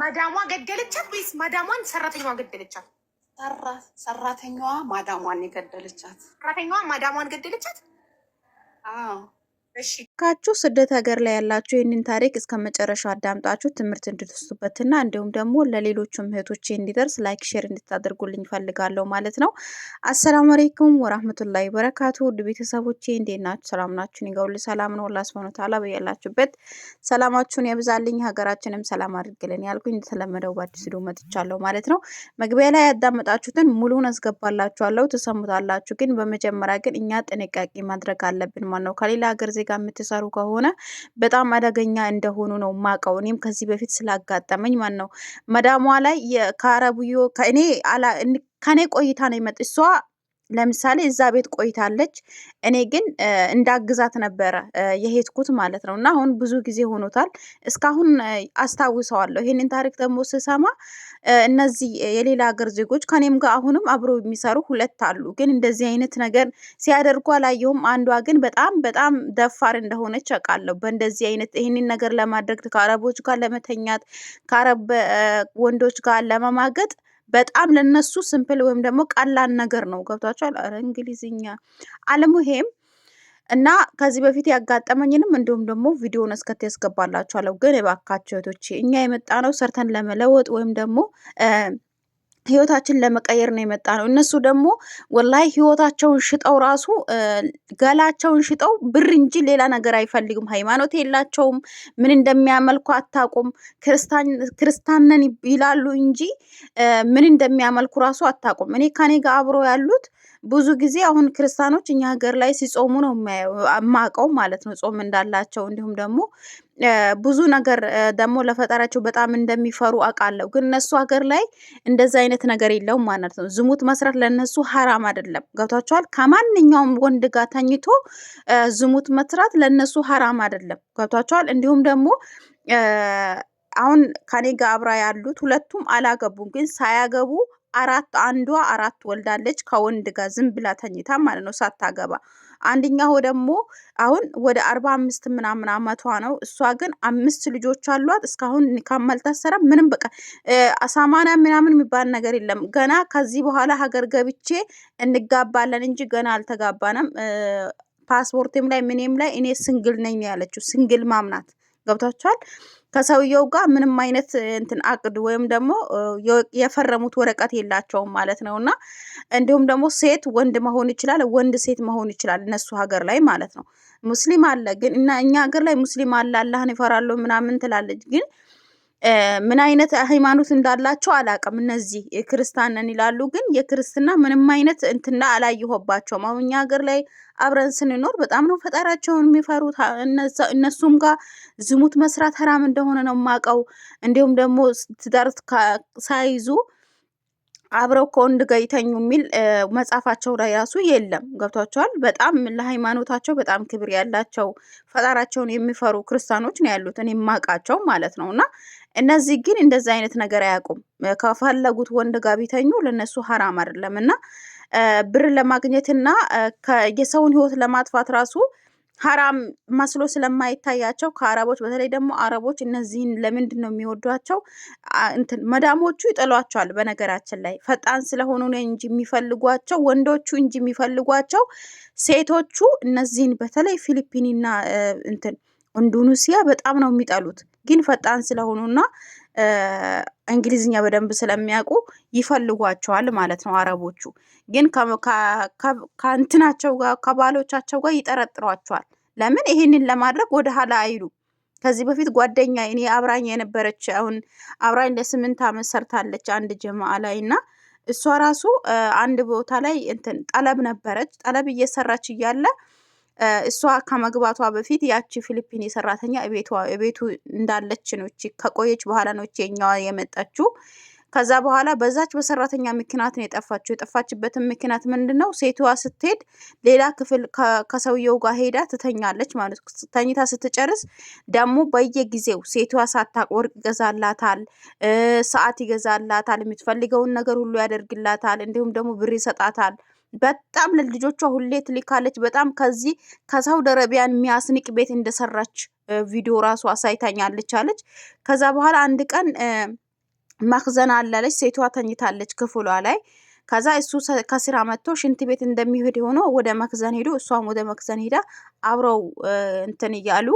ማዳሟ ገደለቻት ወይስ ማዳሟን ሰራተኛዋ ገደለቻት? ሰራተኛዋ ማዳሟን የገደለቻት ሰራተኛዋ ማዳሟን ገደለቻት። አዎ ካችሁ ስደት ሀገር ላይ ያላችሁ ይህንን ታሪክ እስከ መጨረሻው አዳምጣችሁ ትምህርት እንድትወስዱበትና እንዲሁም ደግሞ ለሌሎቹም እህቶቼ እንዲደርስ ላይክ፣ ሼር እንድታደርጉልኝ ይፈልጋለሁ ማለት ነው። አሰላሙ አለይኩም ወራህመቱላሂ ወበረካቱ ውድ ቤተሰቦቼ እንዴት ናችሁ? ሰላም ናችሁን? ይገውል ሰላም ነው። አላህ ሱብሃነሁ ወተዓላ በያላችሁበት ሰላማችሁን ያብዛልኝ፣ ሀገራችንም ሰላም አድርግልን ያልኩኝ እንደተለመደው በአዲስ ቪዲዮ መጥቻለሁ ማለት ነው። መግቢያ ላይ ያዳመጣችሁትን ሙሉን አስገባላችኋለሁ፣ ትሰሙታላችሁ። ግን በመጀመሪያ ግን እኛ ጥንቃቄ ማድረግ አለብን። ማለት ነው ከሌላ ሀገር ዜጋ ጋር የምትሰሩ ከሆነ በጣም አደገኛ እንደሆኑ ነው ማቀው። እኔም ከዚህ በፊት ስላጋጠመኝ ማን ነው መዳሟ ላይ ከአረብዮ ከእኔ ከኔ ቆይታ ነው የመጣ እሷ ለምሳሌ እዛ ቤት ቆይታለች። እኔ ግን እንዳግዛት ነበረ የሄድኩት ማለት ነው። እና አሁን ብዙ ጊዜ ሆኖታል። እስካሁን አስታውሰዋለሁ። ይህንን ታሪክ ደግሞ ስሰማ እነዚህ የሌላ ሀገር ዜጎች ከኔም ጋር አሁንም አብሮ የሚሰሩ ሁለት አሉ። ግን እንደዚህ አይነት ነገር ሲያደርጉ አላየሁም። አንዷ ግን በጣም በጣም ደፋር እንደሆነች አውቃለሁ። በእንደዚህ አይነት ይህንን ነገር ለማድረግ ከአረቦች ጋር ለመተኛት ከአረብ ወንዶች ጋር ለመማገጥ በጣም ለነሱ ስምፕል ወይም ደግሞ ቀላል ነገር ነው። ገብቷቸዋል። ኧረ እንግሊዝኛ አለሙ ይሄም እና ከዚህ በፊት ያጋጠመኝንም እንዲሁም ደግሞ ቪዲዮውን እስከት ያስገባላችኋለሁ። ግን የባካቸው እህቶቼ እኛ የመጣ ነው ሰርተን ለመለወጥ ወይም ደግሞ ህይወታችን ለመቀየር ነው የመጣ ነው። እነሱ ደግሞ ወላይ ህይወታቸውን ሽጠው ራሱ ገላቸውን ሽጠው ብር እንጂ ሌላ ነገር አይፈልግም። ሃይማኖት የላቸውም። ምን እንደሚያመልኩ አታቁም። ክርስታንን ይላሉ እንጂ ምን እንደሚያመልኩ ራሱ አታቁም። እኔ ከኔ ጋር አብሮ ያሉት ብዙ ጊዜ አሁን ክርስቲያኖች እኛ ሀገር ላይ ሲጾሙ ነው የማውቀው ማለት ነው። ጾም እንዳላቸው እንዲሁም ደግሞ ብዙ ነገር ደግሞ ለፈጠራቸው በጣም እንደሚፈሩ አውቃለሁ። ግን እነሱ ሀገር ላይ እንደዚህ አይነት ነገር የለውም ማለት ነው። ዝሙት መስራት ለነሱ ሀራም አይደለም። ገብቷቸዋል። ከማንኛውም ወንድ ጋር ተኝቶ ዝሙት መስራት ለነሱ ሀራም አይደለም። ገብቷቸዋል። እንዲሁም ደግሞ አሁን ከኔ ጋር አብራ ያሉት ሁለቱም አላገቡም። ግን ሳያገቡ አራት አንዷ አራት ወልዳለች ከወንድ ጋር ዝም ብላ ተኝታ ማለት ነው ሳታገባ። አንደኛው ደግሞ አሁን ወደ አርባ አምስት ምናምን አመቷ ነው። እሷ ግን አምስት ልጆች አሏት። እስካሁን ኒካም አልታሰረም ምንም በቃ ሰማንያ ምናምን የሚባል ነገር የለም። ገና ከዚህ በኋላ ሀገር ገብቼ እንጋባለን እንጂ ገና አልተጋባንም። ፓስፖርቴም ላይ ምንም ላይ እኔ ስንግል ነኝ ያለችው ስንግል ማምናት ገብታችኋል። ከሰውየው ጋር ምንም አይነት እንትን አቅድ ወይም ደግሞ የፈረሙት ወረቀት የላቸውም ማለት ነው። እና እንዲሁም ደግሞ ሴት ወንድ መሆን ይችላል፣ ወንድ ሴት መሆን ይችላል፣ እነሱ ሀገር ላይ ማለት ነው። ሙስሊም አለ ግን እና እኛ ሀገር ላይ ሙስሊም አለ አላህን ይፈራሉ ምናምን ትላለች ግን ምን አይነት ሃይማኖት እንዳላቸው አላቅም እነዚህ የክርስቲያንን ይላሉ፣ ግን የክርስትና ምንም አይነት እንትና አላየሁባቸውም። አሁን እኛ ሀገር ላይ አብረን ስንኖር በጣም ነው ፈጣሪያቸውን የሚፈሩት። እነሱም ጋር ዝሙት መስራት ሀራም እንደሆነ ነው የማውቀው። እንዲሁም ደግሞ ትዳር ሳይዙ አብረው ከወንድ ጋር ይተኙ የሚል መጽሐፋቸው ላይ ራሱ የለም። ገብቷቸዋል። በጣም ለሃይማኖታቸው በጣም ክብር ያላቸው ፈጣራቸውን የሚፈሩ ክርስቲያኖች ነው ያሉት እኔ የማውቃቸው ማለት ነው እና እነዚህ ግን እንደዚህ አይነት ነገር አያውቁም። ከፈለጉት ወንድ ጋር ቢተኙ ለነሱ ሀራም አይደለም እና ብር ለማግኘትና የሰውን ህይወት ለማጥፋት ራሱ ሀራም መስሎ ስለማይታያቸው ከአረቦች በተለይ ደግሞ አረቦች እነዚህን ለምንድን ነው የሚወዷቸው? መዳሞቹ ይጠሏቸዋል። በነገራችን ላይ ፈጣን ስለሆኑ እንጂ የሚፈልጓቸው ወንዶቹ እንጂ የሚፈልጓቸው ሴቶቹ እነዚህን በተለይ ፊሊፒኒና እንትን እንዱኑሲያ በጣም ነው የሚጠሉት። ግን ፈጣን ስለሆኑና እንግሊዝኛ በደንብ ስለሚያውቁ ይፈልጓቸዋል ማለት ነው። አረቦቹ ግን ከእንትናቸው ጋር ከባሎቻቸው ጋር ይጠረጥሯቸዋል። ለምን ይሄንን ለማድረግ ወደ ኋላ አይሉ። ከዚህ በፊት ጓደኛ እኔ አብራኝ የነበረች አሁን አብራኝ ለስምንት ዓመት ሰርታለች አንድ ጀማ ላይ እና እሷ ራሱ አንድ ቦታ ላይ እንትን ጠለብ ነበረች። ጠለብ እየሰራች እያለ እሷ ከመግባቷ በፊት ያቺ ፊሊፒን የሰራተኛ ቤቱ እንዳለች ነው ከቆየች በኋላ ነው የኛዋ የመጣችው። ከዛ በኋላ በዛች በሰራተኛ ምክንያት ነው የጠፋችው። የጠፋችበትን ምክንያት ምንድን ነው? ሴቷ ስትሄድ ሌላ ክፍል ከሰውየው ጋር ሄዳ ትተኛለች ማለት ነው። ተኝታ ስትጨርስ ደግሞ በየጊዜው ሴቷ ሳታቅ ወርቅ ይገዛላታል፣ ሰዓት ይገዛላታል፣ የምትፈልገውን ነገር ሁሉ ያደርግላታል። እንዲሁም ደግሞ ብር ይሰጣታል። በጣም ለልጆቿ ሁሌ ትልካለች። በጣም ከዚህ ከሳውዲ አረቢያን የሚያስንቅ ቤት እንደሰራች ቪዲዮ ራሱ አሳይታኛለች አለች። ከዛ በኋላ አንድ ቀን መክዘን አላለች፣ ሴቷ ተኝታለች ክፍሏ ላይ ከዛ እሱ ከስራ መጥቶ ሽንት ቤት እንደሚሄድ ሆኖ ወደ መክዘን ሄዶ እሷም ወደ መክዘን ሄዳ አብረው እንትን እያሉ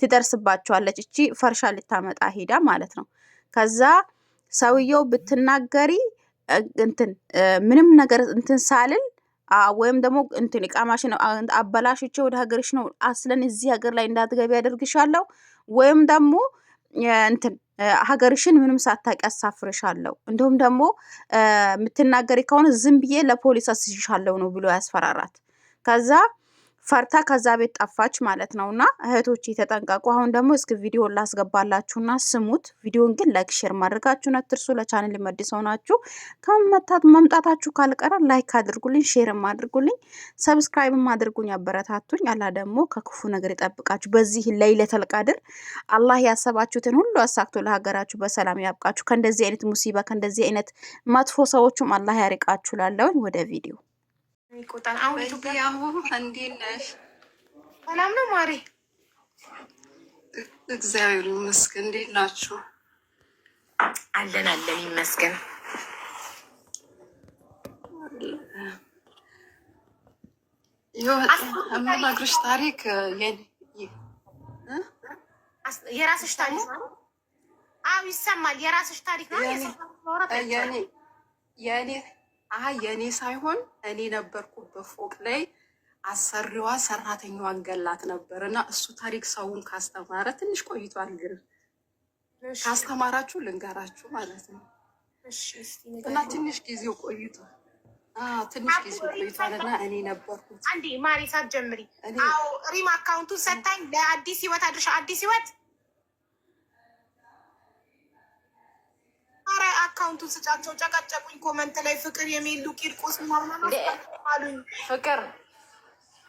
ትደርስባቸዋለች። እቺ ፈርሻ ልታመጣ ሄዳ ማለት ነው። ከዛ ሰውየው ብትናገሪ እንትን ምንም ነገር እንትን ሳልል ወይም ደግሞ እንትን እቃማሽን አበላሽቼ ወደ ሀገርሽ ነው አስለን እዚህ ሀገር ላይ እንዳትገቢ ያደርግሻለሁ ወይም ደግሞ እንትን ሀገርሽን ምንም ሳታቂ አሳፍርሻለሁ፣ እንዲሁም ደግሞ የምትናገሪ ከሆነ ዝም ብዬ ለፖሊስ አስይሻለሁ ነው ብሎ ያስፈራራት ከዛ ፈርታ ከዛ ቤት ጠፋች ማለት ነው። እና እህቶች የተጠንቀቁ። አሁን ደግሞ እስኪ ቪዲዮ ላስገባላችሁና ስሙት። ቪዲዮን ግን ላይክ፣ ሼር ማድረጋችሁን አትርሱ። ለቻናል መድሰው ናችሁ ከመምጣት መምጣታችሁ ካልቀረ ላይክ አድርጉልኝ፣ ሼርም አድርጉልኝ፣ ሰብስክራይብም አድርጉኝ፣ አበረታቱኝ። አላ ደግሞ ከክፉ ነገር ይጠብቃችሁ። በዚህ ለይለተል ቀድር አላህ ያሰባችሁትን ሁሉ አሳክቶ ለሀገራችሁ በሰላም ያብቃችሁ። ከእንደዚህ አይነት ሙሲባ ከእንደዚህ አይነት መጥፎ ሰዎችም አላህ ያርቃችሁ። ላለውኝ ወደ ቪዲዮ አሁን ኢትዮጵያ እንዴት ነሽ? ሰላም ነው ማሬ? እግዚአብሔር ይመስገን። እንዴት ናችሁ? አለን አለን ይመስገን። የምነግርሽ ታሪክ የራስሽ ታሪክ አዎ ይሰማል። የራስሽ ታሪክ ነው። የኔ አይ የእኔ ሳይሆን እኔ ነበርኩበት በፎቅ ላይ አሰሪዋ ሰራተኛዋን ገላት ነበር እና እሱ ታሪክ ሰውን ካስተማረ ትንሽ ቆይቷል፣ ግን ካስተማራችሁ ልንገራችሁ ማለት ነው እና ትንሽ ጊዜው ቆይቷል። ትንሽ ጊዜ ቆይቷል እና እኔ ነበርኩት። አንዴ ማሪ ሳትጀምሪ ሪም አካውንቱን ሰታኝ ለአዲስ ህይወት አድርሻ አዲስ ህይወት አረ አካውንቱን ስጫቸው ጨቀጨቁኝ። ኮመንት ላይ ፍቅር የሚሉ ቂርቆስ ምናምናሉኝ። ፍቅር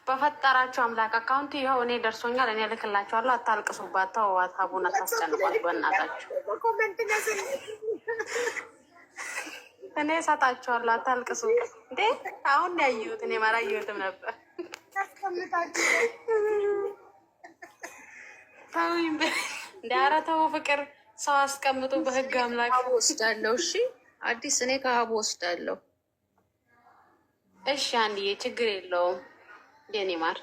በፈጠራቸው አምላክ አካውንት ይኸው እኔ ደርሶኛል። እኔ ልክላቸዋለሁ። አታልቅሱባት፣ ተዋት። ሀቡን አታስጨንቋት በእናታችሁ። እኔ እሰጣቸዋለሁ። አታልቅሱ እንዴ! አሁን ያየሁት እኔ ማላየሁትም ነበር። ተው እንደ ፍቅር ሰው አስቀምጦ በህግ አምላክ ወስዳለሁ። እሺ አዲስ እኔ ከሀብ ወስዳለሁ። እሺ አንድዬ ችግር የለውም የኔ ማር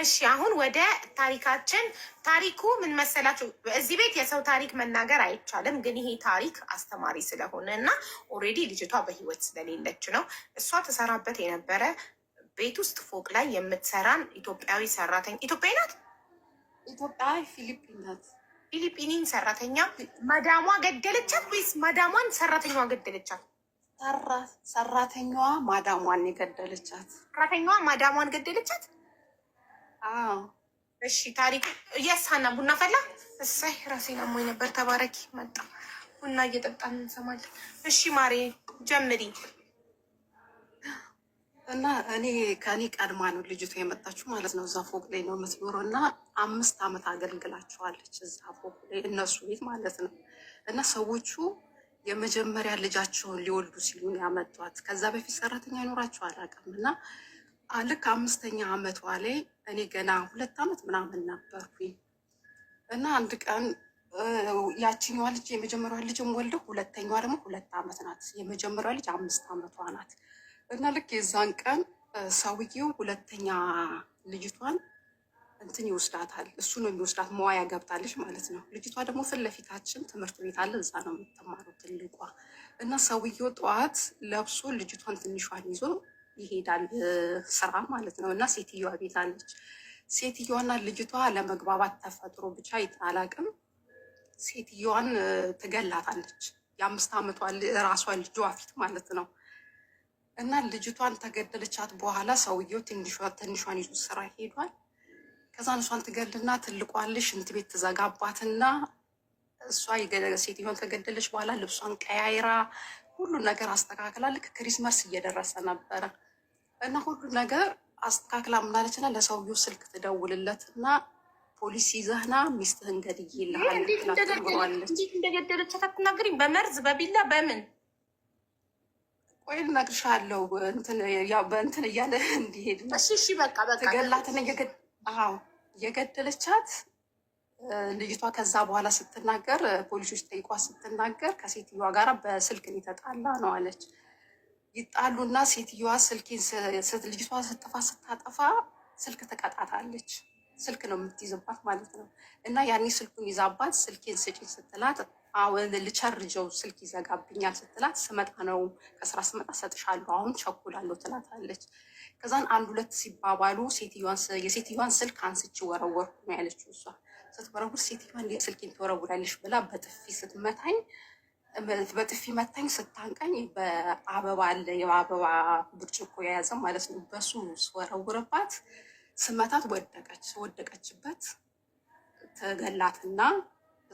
እሺ አሁን ወደ ታሪካችን። ታሪኩ ምን መሰላችሁ? እዚህ ቤት የሰው ታሪክ መናገር አይቻልም፣ ግን ይሄ ታሪክ አስተማሪ ስለሆነ እና ኦልሬዲ ልጅቷ በህይወት ስለሌለች ነው እሷ ተሰራበት የነበረ ቤት ውስጥ ፎቅ ላይ የምትሰራን ኢትዮጵያዊ ሰራተኛ ኢትዮጵያዊ ናት፣ ኢትዮጵያዊ ፊሊፒን ናት። ፊሊፒኒን ሰራተኛ መዳሟ ገደለቻት ወይስ መዳሟን ሰራተኛዋ ገደለቻት? ሰራተኛዋ ማዳሟን የገደለቻት። ሰራተኛዋ ማዳሟን ገደለቻት። እሺ፣ ታሪክ እያሳና ቡና ፈላ። እሳይ ራሴ ላሞኝ ነበር። ተባረኪ መጣ ቡና እየጠጣን እንሰማለን። እሺ ማሬ ጀምሪ። እና እኔ ከእኔ ቀድማ ነው ልጅቷ የመጣችሁ ማለት ነው። እዛ ፎቅ ላይ ነው የምትኖረው እና አምስት ዓመት አገልግላችኋለች እዛ ፎቅ ላይ እነሱ ቤት ማለት ነው። እና ሰዎቹ የመጀመሪያ ልጃቸውን ሊወልዱ ሲሉ ያመጧት። ከዛ በፊት ሰራተኛ ይኖራቸው አላውቅም። እና ልክ አምስተኛ ዓመቷ ላይ እኔ ገና ሁለት ዓመት ምናምን ነበርኩኝ እና አንድ ቀን ያችኛዋ ልጅ የመጀመሪያዋ ልጅም ወልደው ሁለተኛዋ ደግሞ ሁለት ዓመት ናት። የመጀመሪያዋ ልጅ አምስት ዓመቷ ናት። እና ልክ የዛን ቀን ሰውዬው ሁለተኛ ልጅቷን እንትን ይወስዳታል። እሱ ነው የሚወስዳት፣ መዋያ ገብታለች ማለት ነው። ልጅቷ ደግሞ ፊት ለፊታችን ትምህርት ቤት አለ፣ እዛ ነው የምትማረው ትልቋ። እና ሰውየው ጠዋት ለብሶ ልጅቷን ትንሿን ይዞ ይሄዳል ስራ ማለት ነው። እና ሴትዮዋ ቤት አለች። ሴትዮዋና ልጅቷ ለመግባባት ተፈጥሮ ብቻ አላቅም፣ ሴትዮዋን ትገላታለች። የአምስት ዓመቷ ራሷ ልጇ ፊት ማለት ነው። እና ልጅቷን ተገደለቻት በኋላ ሰውየው ትንሿን ይዞ ስራ ሄዷል። ከዛ እሷን ትገድልና ትልቋን ሽንት ቤት ትዘጋባትና እሷ ሴትዮዋን ከገደለች በኋላ ልብሷን ቀያይራ ሁሉ ነገር አስተካክላ ልክ ክሪስመስ እየደረሰ ነበረ እና ሁሉ ነገር አስተካክላ ምናለችና ለሰውየው ስልክ ትደውልለት እና ፖሊስ ይዘህና ሚስትህን ገድዬ ይልሃል። እንደገደለቻት አትናገሪም? በመርዝ በቢላ በምን ቆይ እነግርሻለሁ። በእንትን እያለ እንዲሄድ እሺ፣ በቃ በቃ ገላትን የገደለቻት ልጅቷ ከዛ በኋላ ስትናገር ፖሊሶች ጠይቋ ስትናገር ከሴትዮዋ ጋር በስልክ የተጣላ ነው አለች። ይጣሉና ሴትዮዋ ስልኬን ልጅቷ ስጥፋ ስታጠፋ ስልክ ትቀጣታለች። ስልክ ነው የምትይዝባት ማለት ነው። እና ያኔ ስልኩን ይዛባት ስልኬን ስጪ ስትላት አሁን ልቸርጀው ስልክ ይዘጋብኛል ስትላት ስመጣ ነው ከስራ ስመጣ ሰጥሻለሁ፣ አሁን ቸኩላለሁ ትላታለች። ከዛን አንድ ሁለት ሲባባሉ የሴትዮዋን ስልክ አንስች ወረወርኩ ነው ያለችው። እሷ ስትወረውር ሴትዮዋን ስልኬን ትወረውራለች ብላ በጥፊ ስትመታኝ በጥፊ መታኝ። ስታንቀኝ በአበባ አለ የአበባ ብርጭቆ የያዘ ማለት ነው። በሱ ስወረውርባት ስመታት ወደቀች። ወደቀችበት ተገላትና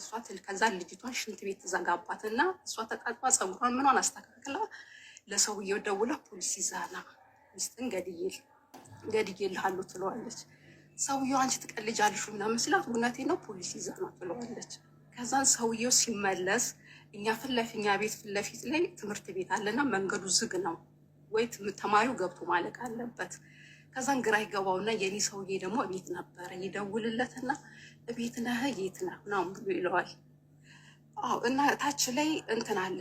እሷ ከዛ ልጅቷ ሽንት ቤት ዘጋባትና እሷ ተቃጥባ ፀጉሯን ምኗን አስተካክላ ለሰውየው ደውላ ፖሊስ ይዛና ሚስትን ገድዬል ገድዬልሃለሁ ትለዋለች። ሰውየው አንቺ ትቀልጃለሽ ምናምን ሲላት እውነቴ ነው ፖሊስ ይዛና ትለዋለች። ከዛን ሰውየው ሲመለስ እኛ ፍለፊ እኛ ቤት ፍለፊት ላይ ትምህርት ቤት አለና መንገዱ ዝግ ነው ወይ ተማሪው ገብቶ ማለቅ አለበት። ከዛን ግራ ይገባውና የኔ ሰውዬ ደግሞ ቤት ነበረ ይደውልለትና ቤት ነህ የት ነህ ብሎ ይለዋል። አዎ እና ታች ላይ እንትን አለ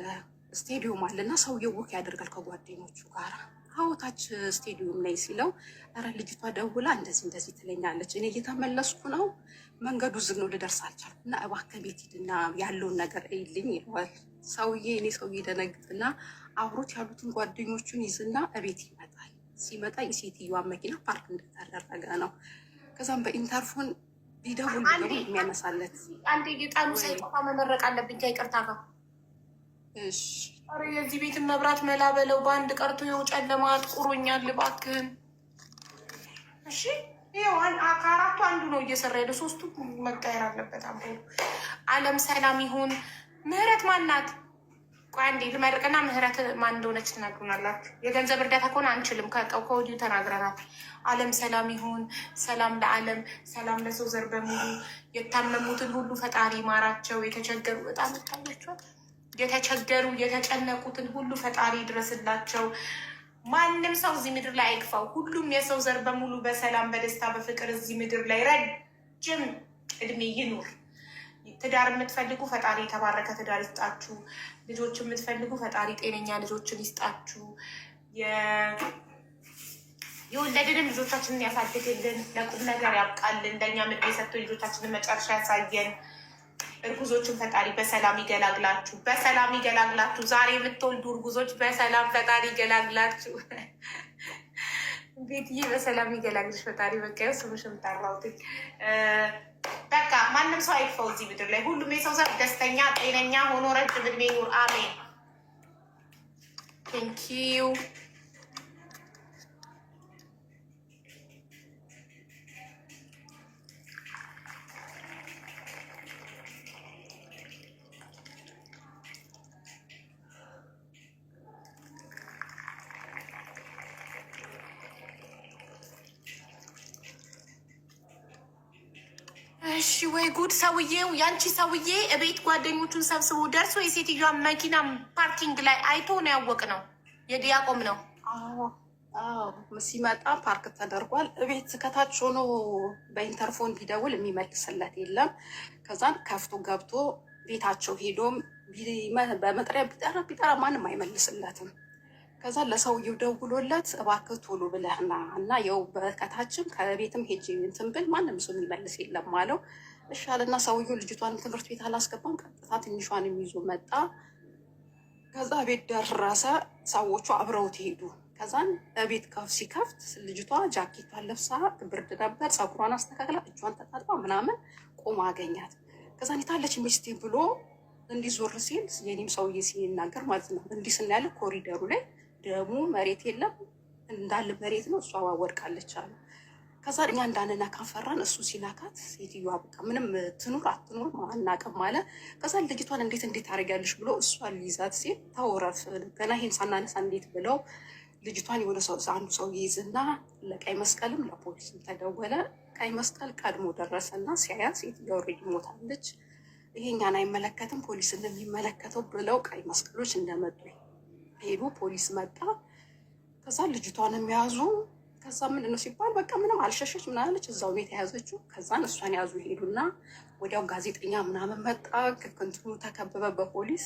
ስቴዲዮም አለ እና ሰውዬው ወክ ያደርጋል ከጓደኞቹ ጋር። አዎ ታች ስቴዲዮም ላይ ሲለው፣ ኧረ ልጅቷ ደውላ እንደዚህ እንደዚህ ትለኛለች፣ እኔ እየተመለስኩ ነው፣ መንገዱ ዝግ ነው፣ ልደርስ አልቻልኩም እና እባክህ ቤት ሂድና ያለውን ነገር እይልኝ ይለዋል። ሰውዬ እኔ ሰውዬ ደነግጥና አብሮት ያሉትን ጓደኞቹን ይዝና እቤት ይመጣል። ሲመጣ የሴትዮዋ መኪና ፓርክ እንደተደረገ ነው። ከዛም በኢንተርፎን ቢደውል የሚያነሳለት አንዴ የጣሉ ሳይቆፋ መመረቅ አለብኝ ከይቅርታ ጋር። ኧረ የዚህ ቤትን መብራት መላበለው በአንድ ቀርቶ የው ጨለማ ጥቁሮኛል። እባክህን እሺ። ከአራቱ አንዱ ነው እየሰራ ያለ፣ ሶስቱ መቀየር አለበት። አለም ሰላም ይሁን። ምህረት ማናት? ቆይ አንዴ ልመርቅና ምህረት ማን እንደሆነች ትነግሩናላችሁ። የገንዘብ እርዳታ ከሆነ አንችልም፣ ከቀው ከወዲሁ ተናግረናል። ዓለም ሰላም ይሁን፣ ሰላም ለዓለም፣ ሰላም ለሰው ዘር በሙሉ። የታመሙትን ሁሉ ፈጣሪ ማራቸው። የተቸገሩ በጣም ታያቸዋል። የተቸገሩ የተጨነቁትን ሁሉ ፈጣሪ ድረስላቸው። ማንም ሰው እዚህ ምድር ላይ አይግፋው። ሁሉም የሰው ዘር በሙሉ በሰላም በደስታ በፍቅር እዚህ ምድር ላይ ረጅም እድሜ ይኑር። ትዳር የምትፈልጉ ፈጣሪ የተባረከ ትዳር ይስጣችሁ። ልጆች የምትፈልጉ ፈጣሪ ጤነኛ ልጆችን ይስጣችሁ። የወለድንም ልጆቻችንን ያሳድግልን፣ ለቁም ነገር ያብቃልን፣ እንደኛ ምድር የሰጥቶ ልጆቻችንን መጨረሻ ያሳየን። እርጉዞችን ፈጣሪ በሰላም ይገላግላችሁ፣ በሰላም ይገላግላችሁ። ዛሬ የምትወልዱ እርጉዞች በሰላም ፈጣሪ ይገላግላችሁ። ቤትዬ በሰላም ይገላግልሽ ፈጣሪ። በቃ ስምሽን ጠራሁት። በቃ ማንም ሰው አይጥፈው እዚህ ምድር ላይ ሁሉም የሰው ዘር ደስተኛ ጤነኛ ሆኖ ረጅም እድሜ ይኑር። አሜን። ቴንኪዩ ወይ ጉድ! ሰውዬው ያንቺ ሰውዬ እቤት ጓደኞቹን ሰብስቦ ደርሶ የሴትዮዋን መኪና ፓርኪንግ ላይ አይቶ ነው ያወቅ ነው የዲያቆም ነው ሲመጣ ፓርክ ተደርጓል። እቤት ከታች ሆኖ በኢንተርፎን ቢደውል የሚመልስለት የለም። ከዛን ከፍቶ ገብቶ ቤታቸው ሄዶም በመጥሪያ ቢጠራ ቢጠራ ማንም አይመልስለትም። ከዛ ለሰውየው ደውሎለት እባክህ ቶሎ ብለህና እና የው ከቤትም ሄጅ እንትን ብል ማንም ሰው የሚመልስ የለም አለው። እሻልና ሰውየው ልጅቷን ትምህርት ቤት አላስገባም። ቀጥታ ትንሿን የሚይዞ መጣ። ከዛ ቤት ደረሰ። ሰዎቹ አብረውት ሄዱ። ከዛን ቤት ከፍ ሲከፍት ልጅቷ ጃኬቷን ለብሳ ብርድ ነበር፣ ፀጉሯን አስተካክላ እጇን ተጣጥባ ምናምን ቆማ አገኛት። ከዛን የታለች ሚስቴ ብሎ እንዲህ ዞር ሲል የኔም ሰውዬ ሲናገር ማለት ነው እንዲህ ስናያለ ኮሪደሩ ላይ ደሙ መሬት የለም እንዳለ መሬት ነው እሷ ወድቃለች አሉ። ከዛ እኛ እንዳንና ካፈራን እሱ ሲላካት ሴትዮዋ በቃ ምንም ትኑር አትኑር አናውቅም አለ። ከዛ ልጅቷን እንዴት እንዴት ታደርጊያለሽ ብሎ እሷ ሊይዛት ሲል ታወረፍ ገና ይሄን ሳናነሳ እንዴት ብለው ልጅቷን የሆነ ሰው አንዱ ሰው ይይዝና ለቀይ መስቀልም ለፖሊስም ተደወለ። ቀይ መስቀል ቀድሞ ደረሰና ሲያያ ሴትዮዋ ኦልሬዲ ሞታለች። ይሄ እኛን አይመለከትም ፖሊስ እንደሚመለከተው ብለው ቀይ መስቀሎች እንደመጡ ሄዱ። ፖሊስ መጣ። ከዛ ልጅቷን የሚያዙ ከዛ ምንድን ነው ሲባል በቃ ምንም አልሸሸች ምናለች እዛው ቤት የያዘችው። ከዛን እሷን ያዙ ሄዱና ወዲያው ጋዜጠኛ ምናምን መጣ። ከክንትኑ ተከበበ በፖሊስ።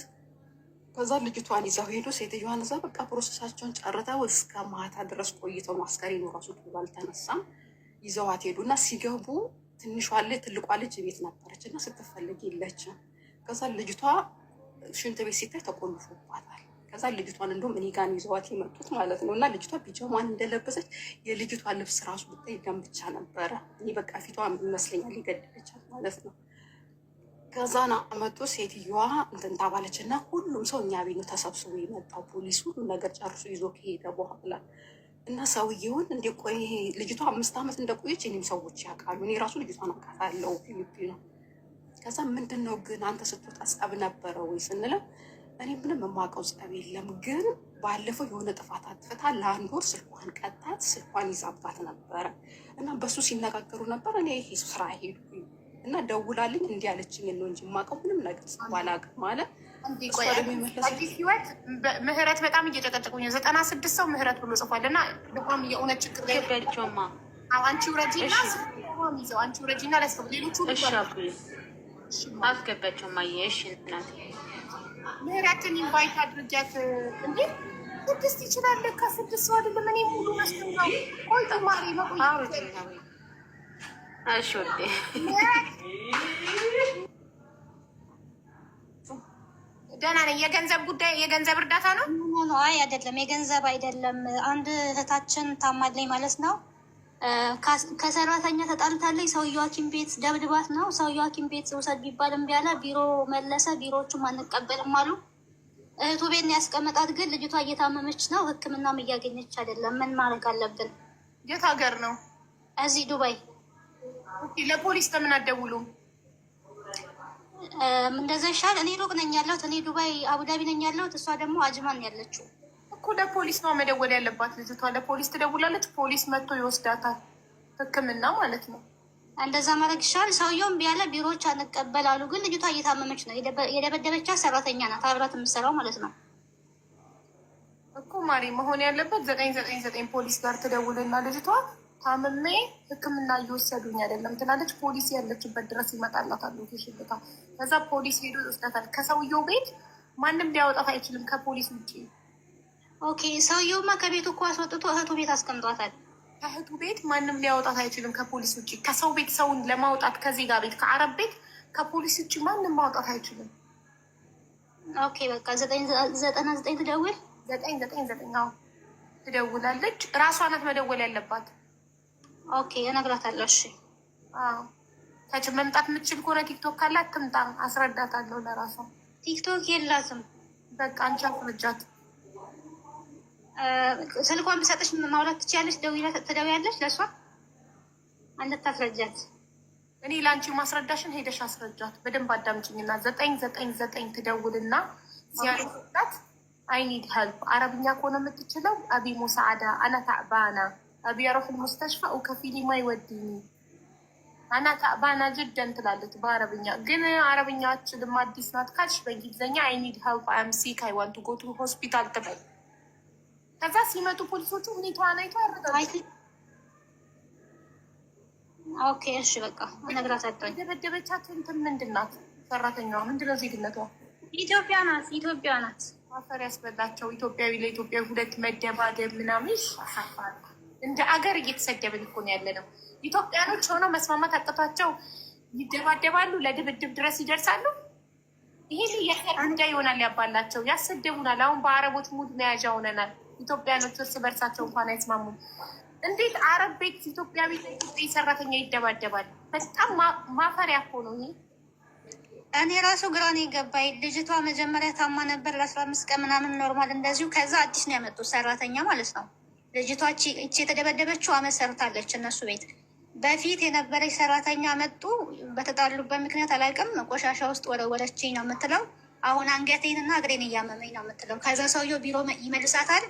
ከዛ ልጅቷን ይዘው ሄዱ። ሴትዮዋን እዛ በቃ ፕሮሰሳቸውን ጨርተው እስከ ማታ ድረስ ቆይተው ማስከሬኑ ራሱ ቶሎ አልተነሳም። ይዘዋት ሄዱና ሲገቡ ትንሿ ልጅ ትልቋ ልጅ ቤት ነበረች እና ስትፈልግ የለችም። ከዛ ልጅቷ ሽንት ቤት ሲታይ ተቆልፎባታል። ከዛ ልጅቷን እንደውም እኔ ጋር ይዘዋት የመጡት ማለት ነው። እና ልጅቷ ቢጃማን እንደለበሰች የልጅቷ ልብስ ራሱ ብታይ ደም ነበረ። እኔ በቃ ፊቷ ይመስለኛል የገደለቻት ማለት ነው። ከዛን አመጡ። ሴትዮዋ እንትን ታባለች እና ሁሉም ሰው እኛ ቤት ነው ተሰብስቦ የመጣው ፖሊስ ሁሉ ነገር ጨርሶ ይዞ ከሄደ በኋላ እና ሰውየውን ቆይ ልጅቷ አምስት ዓመት እንደቆየች እኔም ሰዎች ያውቃሉ። እኔ ራሱ ልጅቷን አውቃታለሁ ፊሊፒ ነው። ከዛ ምንድን ነው ግን አንተ ስትወጣ ጸብ ነበረ ወይ ስንለው እኔ ምንም የማውቀው ጸብ የለም፣ ግን ባለፈው የሆነ ጥፋት አጥፍታ ለአንድ ወር ስልኳን ቀጣት፣ ስልኳን ይዛባት ነበረ እና በሱ ሲነጋገሩ ነበር። እኔ ይሄ ስራ ሄድኩኝ እና ደውላልኝ እንዲህ ያለችኝ ነው እንጂ የማውቀው ምንም ነገር ባላውቅም ማለት ምህረት በጣም እየጨቀጨቁኝ ዘጠና ስድስት ሰው ምህረት ብሎ ጽፏል። እና ድቋም የእውነት ችግር ገበልቸማ አንቺ ረጂና ይዘው አንቺ ረጂና ሌሎቹ አስገባቸው ማየ እሺ ምህረትን ኢንቫይት አድርጊያት እንዴ ስድስት ይችላል ከስድስት ሰው አይደለም። እኔ ሙሉ ነው። ቆይ ጥማሪ መቆየት ደህና ነኝ። የገንዘብ ጉዳይ የገንዘብ እርዳታ ነው። አይ አይደለም፣ የገንዘብ አይደለም። አንድ እህታችን ታማለኝ ማለት ነው ከሰራተኛ ተጣልታለች። ሰው ሐኪም ቤት ደብድባት ነው። ሰው ሐኪም ቤት ውሰድ ቢባል እምቢ አለ። ቢሮ መለሰ። ቢሮዎቹም አንቀበልም አሉ። እህቱ ቤት ያስቀመጣት። ግን ልጅቷ እየታመመች ነው፣ ሕክምናም እያገኘች አይደለም። ምን ማድረግ አለብን? የት ሀገር ነው? እዚህ ዱባይ። ለፖሊስ ለምን አትደውሉም? እንደዛ ይሻል። እኔ ሩቅ ነኝ ያለሁት። እኔ ዱባይ አቡዳቢ ነኝ ያለሁት። እሷ ደግሞ አጅማን ያለችው እኮ ለፖሊስ ነው መደወል ያለባት ልጅቷ። ለፖሊስ ትደውላለች፣ ፖሊስ መጥቶ ይወስዳታል። ሕክምና ማለት ነው። እንደዛ ማድረግ ይሻላል። ሰውየውም ቢያለ ቢሮዎች አንቀበላሉ፣ ግን ልጅቷ እየታመመች ነው። የደበደበቻ ሰራተኛ ናት፣ አብራት የምትሰራው ማለት ነው እኮ ማሪ። መሆን ያለበት ዘጠኝ ዘጠኝ ዘጠኝ ፖሊስ ጋር ትደውልና ልጅቷ ታምሜ ሕክምና እየወሰዱኝ አይደለም ትላለች። ፖሊስ ያለችበት ድረስ ይመጣላታል፣ ከዛ ፖሊስ ሄዶ ይወስዳታል። ከሰውየው ቤት ማንም ሊያወጣት አይችልም ከፖሊስ ውጭ። ኦኬ ሰውየውማ ከቤቱ እኮ አስወጥቶ እህቱ ቤት አስቀምጧታል። ከእህቱ ቤት ማንም ሊያወጣት አይችልም፣ ከፖሊስ ውጭ። ከሰው ቤት ሰውን ለማውጣት ከዜጋ ቤት ከአረብ ቤት ከፖሊስ ውጭ ማንም ማውጣት አይችልም። ኦኬ በቃ ዘጠና ዘጠኝ ትደውል ዘጠኝ ዘጠኝ ዘጠኝ አዎ ትደውላለች። ራሷ ናት መደወል ያለባት። ኦኬ እነግራታለሁ። እሺ ታች መምጣት የምትችል ከሆነ ቲክቶክ ካላት ትምጣ፣ አስረዳታለሁ። ለራሷ ቲክቶክ የላትም። በቃ አንቺ አስረጃት። ስልኳን ብሰጥሽ ማውራት ትችያለሽ? ትደውያለሽ ለእሷ እንዳታስረጃት። እኔ ለአንቺ ማስረዳሽን ሄደሽ አስረጃት። በደንብ አዳምጭኝና ዘጠኝ ዘጠኝ ዘጠኝ ትደውልና ሲያስረዳት አይ ኒድ ሄልፕ አረብኛ ከሆነ የምትችለው አቢ ሙሳዓዳ አና ታዕባና አቢ ያረፉል ሙስተሽፋ ከፊሊ ማ ይወድኒ አና ታዕባና ጅደን ትላለች በአረብኛ ግን አረብኛ አችልም አዲስ ናት ካልሽ በእንግሊዝኛ አይ ኒድ ሄልፕ አም ሲክ ሆስፒታል ትበል ከዛ ሲመጡ ፖሊሶቹ ሁኔታዋን አይቶ አረጋግጡ። ኦኬ እሺ በቃ ነግራት አጣኝ። እንትን ምንድን ናት? ሰራተኛዋ ምንድን ነው ዜግነቷ? ኢትዮጵያ ናት። ኢትዮጵያ ናት። አፈር ያስበላቸው። ኢትዮጵያዊ ለኢትዮጵያዊ ሁለት መደባደብ ምናምን ይሻፋል። እንደ አገር እየተሰደብን እኮ ነው ያለ ነው። ኢትዮጵያኖች ሆነው መስማማት አቅቷቸው ይደባደባሉ፣ ለድብድብ ድረስ ይደርሳሉ። ይህ የሰር ጉዳይ ይሆናል ያባላቸው፣ ያሰደቡናል። አሁን በአረቦት ሙድ መያዣ ሆነናል። ኢትዮጵያኖች እርስ በርሳቸው እንኳን አይስማሙም። እንዴት አረብ ቤት ቤት ኢትዮጵያ ሰራተኛ ይደባደባል? በጣም ማፈሪያ እኮ ነው ይሄ። እኔ ራሱ ግራ ነው የገባኝ። ልጅቷ መጀመሪያ ታማ ነበር ለአስራ አምስት ቀን ምናምን ኖርማል እንደዚሁ። ከዛ አዲስ ነው ያመጡት ሰራተኛ ማለት ነው። ልጅቷ እቺ የተደበደበችው አመት ሰርታለች እነሱ ቤት። በፊት የነበረች ሰራተኛ መጡ። በተጣሉበት ምክንያት አላውቅም። ቆሻሻ ውስጥ ወረወረችኝ ነው የምትለው። አሁን አንገቴንና እግሬን እያመመኝ ነው የምትለው። ከዛ ሰውየው ቢሮ ይመልሳታል።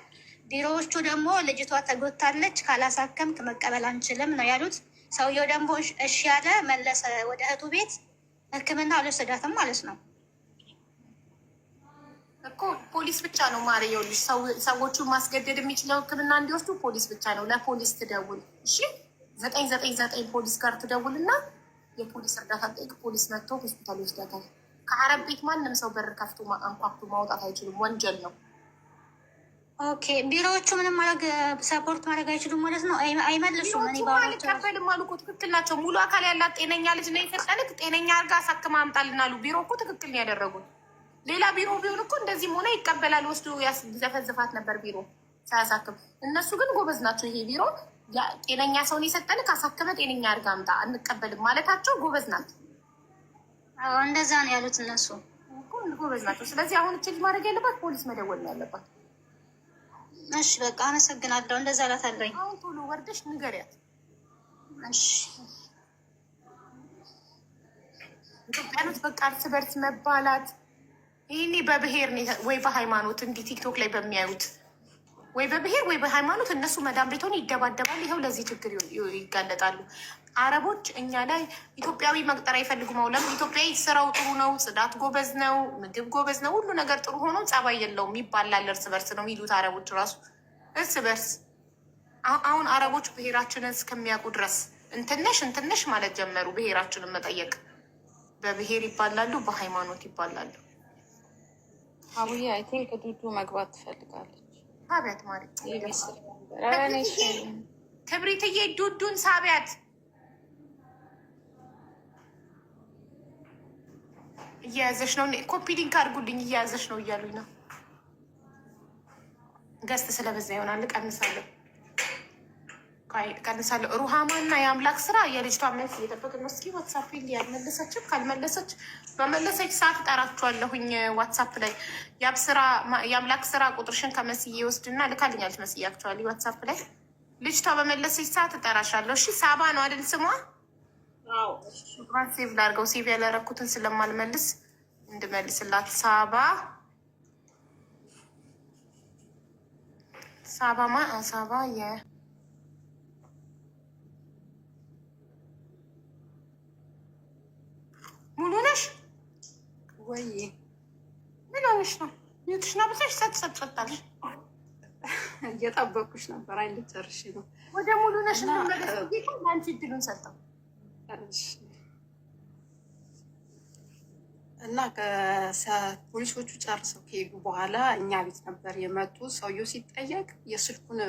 ቢሮዎቹ ደግሞ ልጅቷ ተጎታለች፣ ካላሳከምክ መቀበል አንችልም ነው ያሉት። ሰውየው ደግሞ እሺ ያለ መለሰ ወደ እህቱ ቤት ሕክምና አልወሰዳትም ማለት ነው እኮ ፖሊስ ብቻ ነው ማርየው ልጅ ሰዎቹን ማስገደድ የሚችለው ሕክምና እንዲወስዱ ፖሊስ ብቻ ነው። ለፖሊስ ትደውል እሺ፣ ዘጠኝ ዘጠኝ ዘጠኝ ፖሊስ ጋር ትደውል እና የፖሊስ እርዳታ ጠይቅ። ፖሊስ መጥቶ ሆስፒታል ይወስዳታል። ከአረብ ቤት ማንም ሰው በር ከፍቶ አንኳኩቶ ማውጣት አይችልም፣ ወንጀል ነው። ኦኬ ቢሮዎቹ ምንም ማድረግ ሰፖርት ማድረግ አይችሉም ማለት ነው። አይመልሱም። አልቀበልም አሉ እኮ ትክክል ናቸው። ሙሉ አካል ያላት ጤነኛ ልጅ ነው የፈጠንክ ጤነኛ አድርጋ አሳክማ አምጣልን አሉ። ቢሮ እኮ ትክክል ነው ያደረጉት። ሌላ ቢሮ ቢሆን እኮ እንደዚህም ሆነ ይቀበላል። ወስዶ ዘፈዝፋት ነበር ቢሮ ሳያሳክም። እነሱ ግን ጎበዝ ናቸው። ይሄ ቢሮ ጤነኛ ሰውን የሰጠንክ አሳክመ ጤነኛ አድርጋ አምጣ አንቀበልም ማለታቸው ጎበዝ ናቸው። እንደዛ ነው ያሉት እነሱ ጎበዝ ናቸው። ስለዚህ አሁን እችል ማድረግ ያለባት ፖሊስ መደወል ነው ያለባት። እሺ በቃ አመሰግናለሁ። እንደዛ እላታለሁኝ። አሁን ቶሎ ወርደሽ ንገሪያት። እሺ ኢትዮጵያኖች በቃ እርስ በርስ መባላት ይህኔ በብሔር ወይ በሃይማኖት እንዲህ ቲክቶክ ላይ በሚያዩት ወይ በብሄር ወይ በሃይማኖት እነሱ መዳም ቤቶን ይደባደባል። ይኸው ለዚህ ችግር ይጋለጣሉ። አረቦች እኛ ላይ ኢትዮጵያዊ መቅጠር አይፈልጉም። ለምን? ኢትዮጵያዊ ስራው ጥሩ ነው፣ ጽዳት ጎበዝ ነው፣ ምግብ ጎበዝ ነው፣ ሁሉ ነገር ጥሩ ሆኖ ጸባይ የለውም ይባላል። እርስ በርስ ነው የሚሉት አረቦች ራሱ እርስ በርስ አሁን አረቦች ብሔራችንን እስከሚያውቁ ድረስ እንትነሽ እንትነሽ ማለት ጀመሩ። ብሄራችንን መጠየቅ በብሄር ይባላሉ፣ በሃይማኖት ይባላሉ። አብዬ አይ ቲንክ ዱዱ መግባት ትፈልጋለች። አብያት ማለት ክብሪትዬ ዱዱን ሳቢያት እያያዘሽ ነው። ኮፒ ሊንክ አድርጉልኝ። ነው እያሉኝ ነው። ገስት ስለበዛ ይሆናል። ቀንሳለሁ። ቀንሳለሁ። ሩሃማና የአምላክ ስራ የልጅቷ መልስ እየጠበቅን እስኪ ዋትሳፕ ል ያልመለሰችም ካልመለሰች በመለሰች ሰዓት እጠራችኋለሁኝ። ዋትሳፕ ላይ የአምላክ ስራ ቁጥርሽን ከመስዬ ይወስድና ልካልኛለች። መስያቸዋል ዋትሳፕ ላይ ልጅቷ በመለሰች ሰዓት እጠራሻለሁ። እሺ ሳባ ነው አይደል ስሟ? ሴቭ ላድርገው። ሴቭ ያላረኩትን ስለማልመልስ እንድመልስላት ሳባ ሳባማ ሳባ የ ሙሉ ነሽ ወይ? ምን ሆነሽ ነው? የትሽ ነው ብለሽ ሰጥሰጥጣለሽ። እየጠበኩሽ ነበር። አይ ልጨርሽ ነው። ወደ ሙሉ ነሽ መመለስ ለአንቺ እድሉን ሰጠው እና ፖሊሶቹ ጨርሰው ከሄዱ በኋላ እኛ ቤት ነበር የመጡ። ሰውየው ሲጠየቅ የስልኩን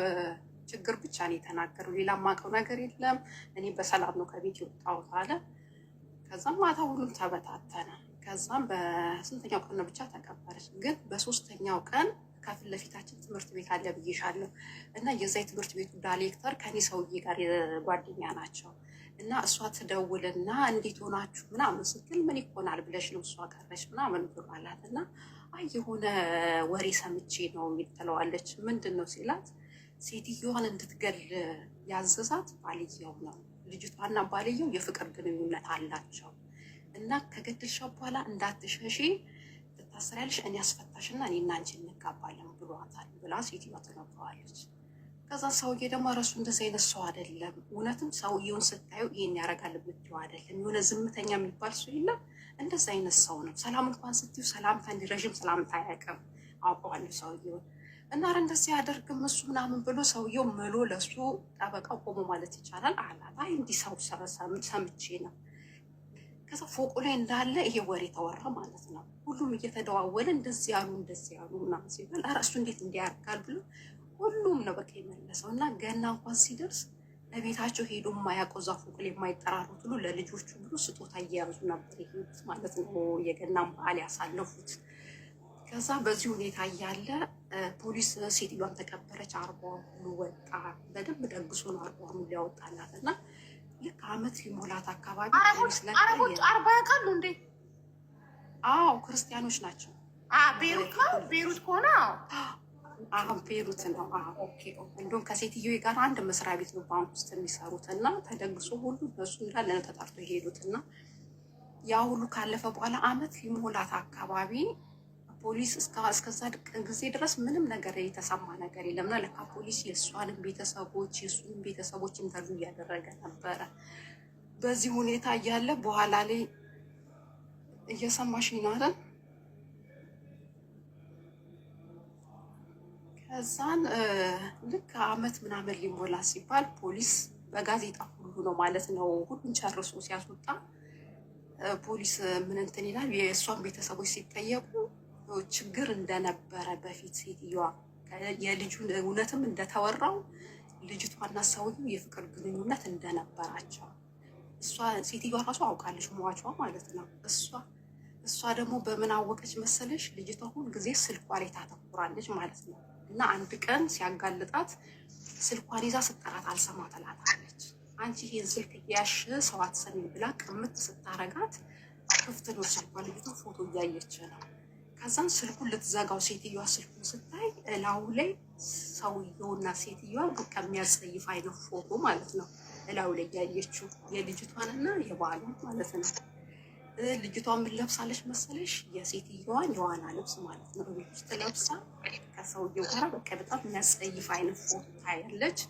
ችግር ብቻ ነው የተናገረው። ሌላ የማውቀው ነገር የለም። እኔ በሰላም ነው ከቤት የወጣሁት አለ። ከዛም ማታ ሁሉም ተበታተነ። ከዛም በስንተኛው ቀን ነው ብቻ ተቀበረች። ግን በሶስተኛው ቀን ከፊት ለፊታችን ትምህርት ቤት አለ ብዬሻለሁ እና የዛ የትምህርት ቤቱ ዳይሬክተር ከኔ ሰውዬ ጋር ጓደኛ ናቸው እና እሷ ትደውልና እንዴት ሆናችሁ ምናምን ስትል ምን ይሆናል ብለሽ ነው እሷ ቀረች ምናምን ብሏላት እና አይ የሆነ ወሬ ሰምቼ ነው የሚትለዋለች ምንድን ነው ሲላት ሴትዮዋን እንድትገል ያዘዛት ባልየው ነው ልጅቷና ባልየው የፍቅር ግንኙነት አላቸው እና ከገድሻ በኋላ እንዳትሸሺ ትታሰሪያለሽ፣ እኔ አስፈታሽና እኔና አንቺ እንጋባለን ብሏታል ብላ ሴትዮዋ ትነግረዋለች። ከዛ ሰውዬ ደግሞ እረሱ እንደዚህ አይነት ሰው አይደለም፣ እውነትም ሰውየውን ስታዩ ይሄን ያደርጋል የምትይው አይደለም። የሆነ ዝምተኛ የሚባል ሰው የለም፣ እንደዚህ አይነት ሰው ነው። ሰላም እንኳን ስትዩ ሰላምታ እንዲረዥም ሰላምታ አያውቅም። አውቀዋለሁ ሰውየውን እና ኧረ እንደዚህ አያደርግም እሱ ምናምን ብሎ ሰውየው ምሎ ለሱ ጠበቃ ቆሞ ማለት ይቻላል አላት። አይ እንዲህ ሰው ሰምቼ ነው። ከዛ ፎቁ ላይ እንዳለ ይሄ ወሬ ተወራ ማለት ነው። ሁሉም እየተደዋወለ እንደዚህ ያሉ እንደዚህ ያሉ ምናምን ሲባል ኧረ እሱ እንዴት እንዲያርጋል ብሎ ሁሉም ነው በቃ የመለሰው። እና ገና እንኳን ሲደርስ ለቤታቸው ሄዶ የማያውቀው እዛ ፎቅ ላይ የማይጠራሩት ሁሉ ለልጆቹ ብሎ ስጦታ እየያዙ ነበር የሄዱት ማለት ነው። የገናን በዓል ያሳለፉት ከዛ በዚህ ሁኔታ እያለ ፖሊስ ሴትዮዋን ተቀበረች። አርባዋን ሁሉ ወጣ። በደንብ ደግሶን አርባዋን ሁሉ ያወጣላት እና ልክ አመት ሊሞላት አካባቢ አርባያቃሉ እንዴ? አዎ ክርስቲያኖች ናቸው። ቤሩት ቤሩት ከሆነ አሁን ቤሩት ነው። እንዲሁም ከሴትዮ ጋር አንድ መስሪያ ቤት ነው ባንክ ውስጥ የሚሰሩት እና ተደግሶ ሁሉ በሱ እንዳለ ነው ተጠርቶ የሄዱት እና ያ ሁሉ ካለፈ በኋላ አመት ሊሞላት አካባቢ ፖሊስ እስከዛ ጊዜ ድረስ ምንም ነገር የተሰማ ነገር የለምና ለካ ፖሊስ የእሷንም ቤተሰቦች የእሱንም ቤተሰቦች ኢንተርቪው እያደረገ ነበረ። በዚህ ሁኔታ እያለ በኋላ ላይ እየሰማሽ ይናለን ከዛን ልክ አመት ምናምን ሊሞላ ሲባል ፖሊስ በጋዜጣ ሁሉ ነው ማለት ነው ሁሉን ጨርሶ ሲያስወጣ ፖሊስ ምን እንትን ይላል የእሷን ቤተሰቦች ሲጠየቁ ችግር እንደነበረ በፊት ሴትዮዋ የልጁን እውነትም እንደተወራው ልጅቷና ሰውዬው የፍቅር ግንኙነት እንደነበራቸው እሷ ሴትዮዋ ራሱ አውቃለች፣ ሟቿ ማለት ነው። እሷ እሷ ደግሞ በምን አወቀች መሰለሽ? ልጅቷ ሁልጊዜ ስልኳ ላይ ታተኩራለች ማለት ነው። እና አንድ ቀን ሲያጋልጣት ስልኳን ይዛ ስጠራት አልሰማ ትላታለች። አንቺ ይሄን ስልክ ያሽ ሰው አትሰሚም ብላ ቅምት ስታረጋት ክፍት ነው ስልኳ። ልጅቷ ፎቶ እያየች ነው ከዛም ስልኩን ልትዘጋው ሴትዮዋ ስልኩን ስታይ እላው ላይ ሰውየውና ሴትዮዋ በቃ የሚያስጠይፍ አይነት ፎቶ ማለት ነው። እላው ላይ ያየችው የልጅቷንና የባሏን ማለት ነው። ልጅቷን ምን ለብሳለች መሰለሽ? የሴትዮዋን የዋና ልብስ ማለት ነው። ቤት ውስጥ ለብሳ ከሰውየው ጋር በቃ በጣም የሚያስጠይፍ አይነት ፎቶ ታያለች።